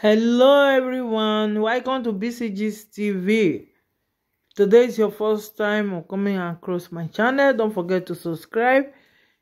Hello everyone, welcome to BCG's TV. Today is your first time of coming across my channel. Don't forget to subscribe.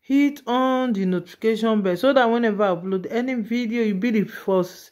Hit on the notification bell so that whenever I upload any video, you'll be the first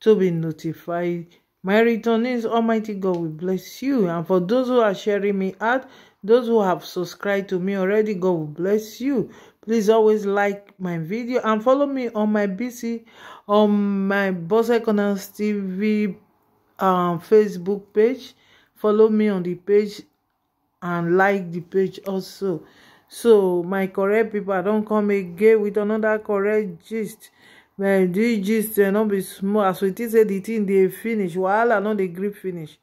to be notified. My return is Almighty God will bless you. And for those who are sharing me out, those who have subscribed to me already, God will bless you please always like my video and follow me on my bc on my boss economics tv um, facebook page follow me on the page and like the page also so my correct people i don come again with another correct gist man this gist uh, eh, not be small as we think say the thing they finish while wahala no dey gree finish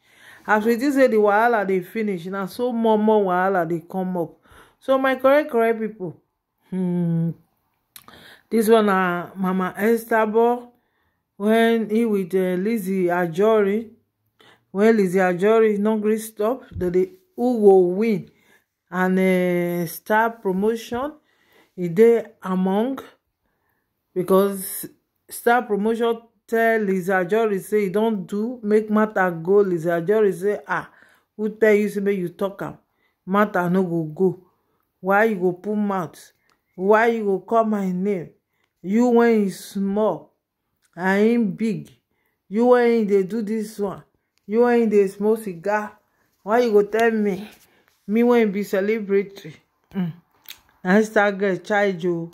as we think say the wahala they finish now. so more more wahala they come up so my correct correct people hmm This one na uh, mama esther When he with uh, lizzie ajori when lizzie ajori no gree stop who will win and uh, star promotion e there among because star promotion tell lizzie ajori say e don do make matter go lizzie ajori say ah who tell you say make you talk am matter no go go why you go pull mouth why you go call my name you when you small and him big you when you dey do this one you when you dey smoke cigar why you go tell me me when you be celebratory. mm. na star girl charge o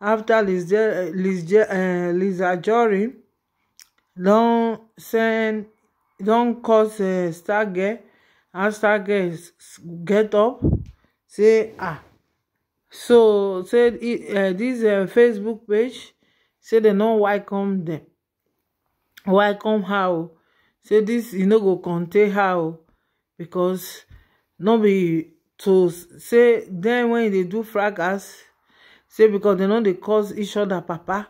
after liz liza eh, jory don send don cause eh, star girl and star girl get up say ah so said uh, eh, dis eh, facebook page say dem no welcome dem welcome how say this you know go contain how because nobody to say then when they dey do fracas say because they know they cause each other papa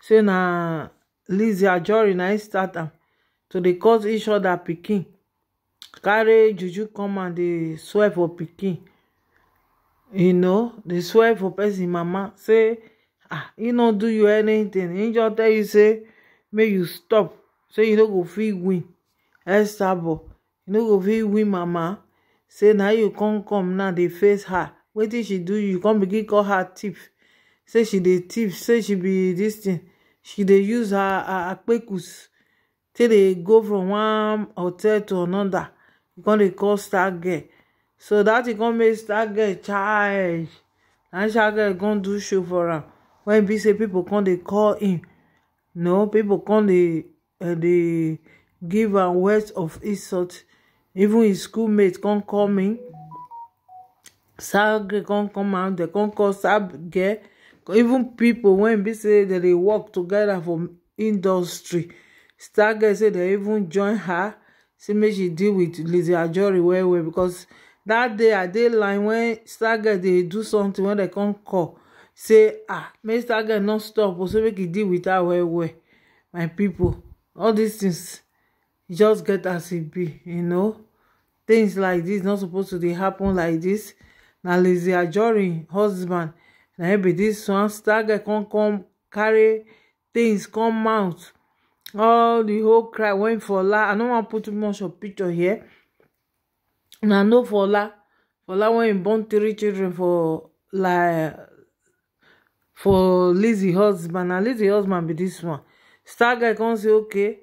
say na lizzie ajori na im start am to they cause each other picking carry juju come and they swear for picking you know they swear for person mama say ah he not do you anything e just tell you say may you stop say you no go fit win ball you no go fit win mama say now you can't come now They face her What wetin she do you come begin call her thief say she the thief say she be this thing she they use her quickus take they go from one hotel to another. you come call star girl so that he come make dat girl charge and dat girl come do show for am When be say pipo come they call him no people come they eh, they give am words of insult even his schoolmates come call me sad girl come come out They come call sad girl even people when be say dem dey work togeda for industry sad said they even join her See me she deal with lizzie ajori well well because. That day i dey line when stargirl dey do something when they come call say ah make stargirl no stop o oh, so make e deal with her well well my people, all these things just get as e be you know things like this not supposed to dey happen like dis na lazy ajorin husband na him be this one stargirl come come carry things come out, all the whole cry went for la i no wan put too much of picture here I know fola fola wen im born three children for like for lizzie husband Now lizzie husband be this one star guy can say okay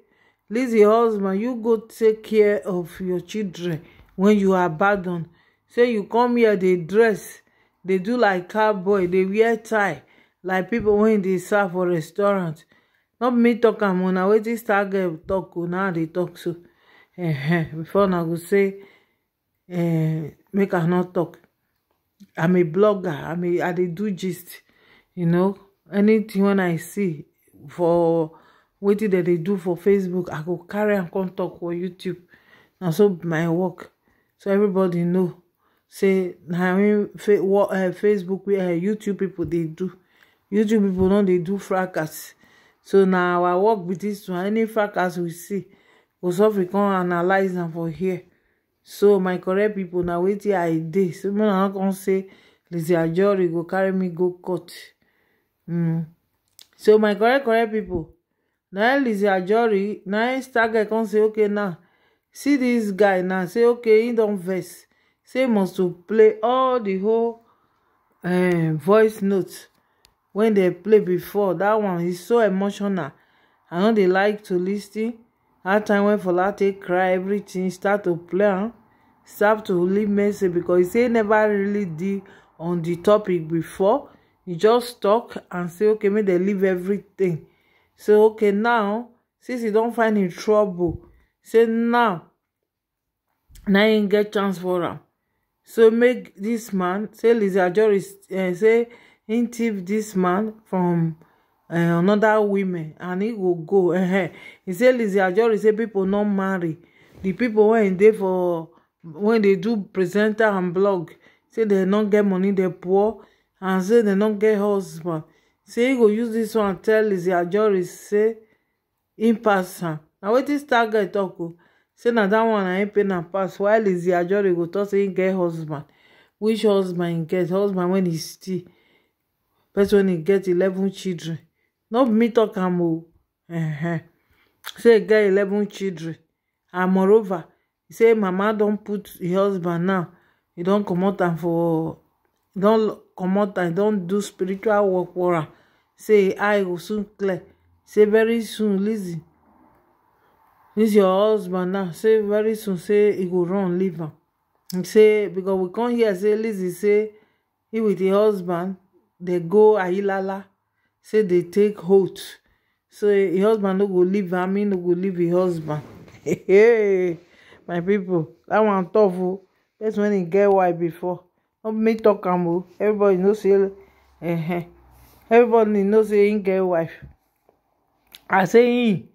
lizzie husband you go take care of your children when you are abandon say you come here they dress they do like cowboy they wear tie like people when they serve for restaurant not me tok am una wetin star girl talk, now dey tok so before na go say Eh, make i not talk i'm a blogger i'm a i do gist you know anything when i see for what dem they do for facebook i go carry and come talk for youtube And so my work so everybody know say na what uh, eh, facebook uh, youtube people They do youtube people no they do fracas so now I work with this one any fracas we see go suffer come analyze am for here so my correct pipo na wetin i dey so make una no come say lizzy anjorin go carry me go court mm. so my correct correct pipo na lizzy anjorin na im stargell come say okay now see this guy now say okay he don vex say must to play all the whole um, voice note when they play before that one is so emotional i know they like to listen. That time when fola take cry everything start to play am start to leave message because he say never really did on the topic before He just talk and say okay make they leave everything so okay now since he don't find im trouble say now now he get chance for am so make this man say lizzie ajori eh, say im tiff dis man from Eh, another women and eh, eh. he go go uh-huh. e say lizzy ajori say people no marry The people wey dey for when they do presenter and blog say they no get money they poor and say they no get husband say he go use this one tell Lizzie ajori say im pass am na wetin star talk, tok oh? o say na dat one na im pain am pass while Lizzie ajori go talk, say he get husband which husband he get husband when he still person wen e get eleven children no be me talk am o say e get eleven children and moreover say mama don put her husband now e don comot am for don comot am don do spiritual work for am say eye go soon clear say very soon lizzy this your husband now say very soon say e go run leave am say because we come hear say lizzy say he with her husband dey go ayilala say they take hold so im husband no go leave her, im no go leave im husband hey my people, dat one tough oh, that's when he get wife before no me talk am oh, everybody knows he. uh-huh. everybody knows he im get wife i say he,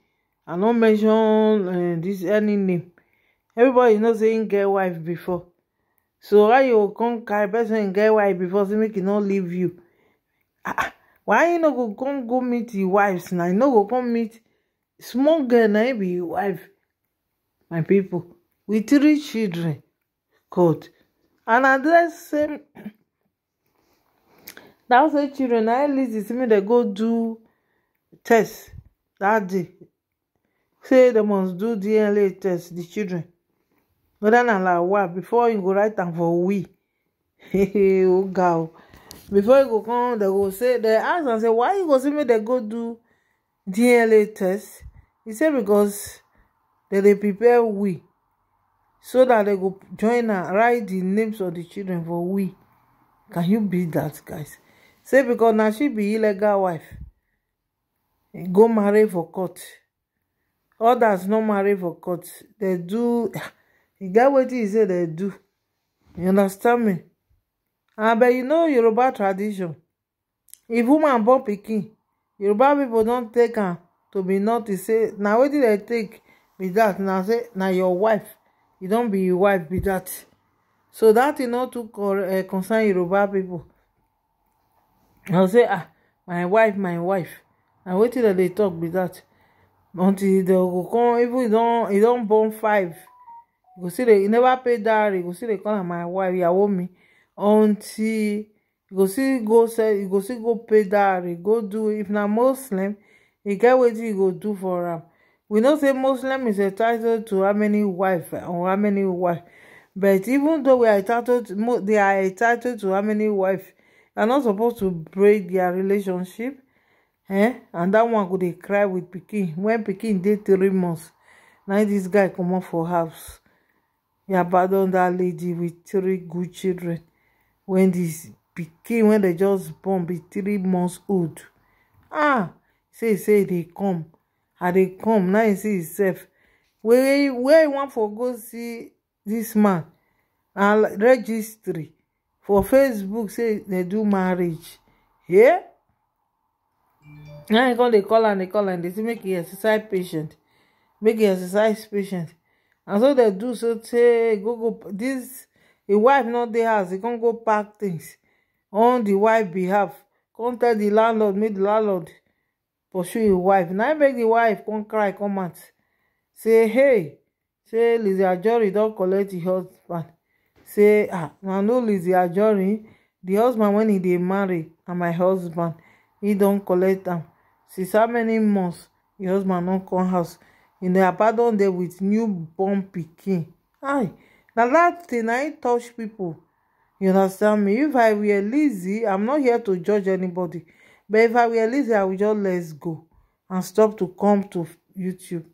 i no mention eh, this any name everybody knows he im get wife before so why you come carry person get wife before say make e no leave you ah, ah. why no go come go meet im wives na im no go come meet small girl na im be im wife my pipo with three children god and i same say na those children na at least e still go do test dat day say dem must do dla test di children whether na like before e go write am for we oh oga before e go come they go say they ask am say why you go say make dem go do dla test e say becos dem dey prepare we so dat dem go join write di names of di children for we can you be dat guys say becos na she be illegal wife go marry for court odas no marry for court dem do e get wetin e say dem do you understand me. and ah, but you know yoruba tradition if woman born pikin yoruba people don take am to be notice say na wetin dem take be that. na say na your wife you e don be your wife be that. so that thing no too eh, concern yoruba people. i say ah my wife my wife na wetin dem dey talk be that. until dem go come even e don e born five go see e never pay dowry go see dey call am my wife yawo me until you go still go sell you go still go pay dowry go do if na muslim e get wetin you go do for am we know say muslim is entitled to how many wife or how many wife but even though we are entitled to, they are entitled to how many wife they are not supposed to break their relationship eh and that one go dey cry with pikin when pikin dey three months na this guy comot for house he abandon that lady with three good children When this pikin when dem just born be three months old ah say say e dey come i ah, dey come now e see himself where where e wan for go see this man na ah, registry for facebook say dem do marriage yeah now e come dey call am dey call am dey say make e exercise patient make e exercise patient and so dem do so tey go go this the wife not dey house He can't go pack things on the wife behalf Can't tell the landlord make the landlord pursue him wife Now I make the wife come cry come out say hey say lizzy anjorin don't collect the husband say ah na no lizzy anjorin the husband when he dey marry and my husband he don't collect them. See so many months the husband no come house In the apartment dem with newborn picking. Aye na dat thing I touch people, you understand me if i were lazy i'm not here to judge anybody but if i were lazy i would just let go and stop to come to youtube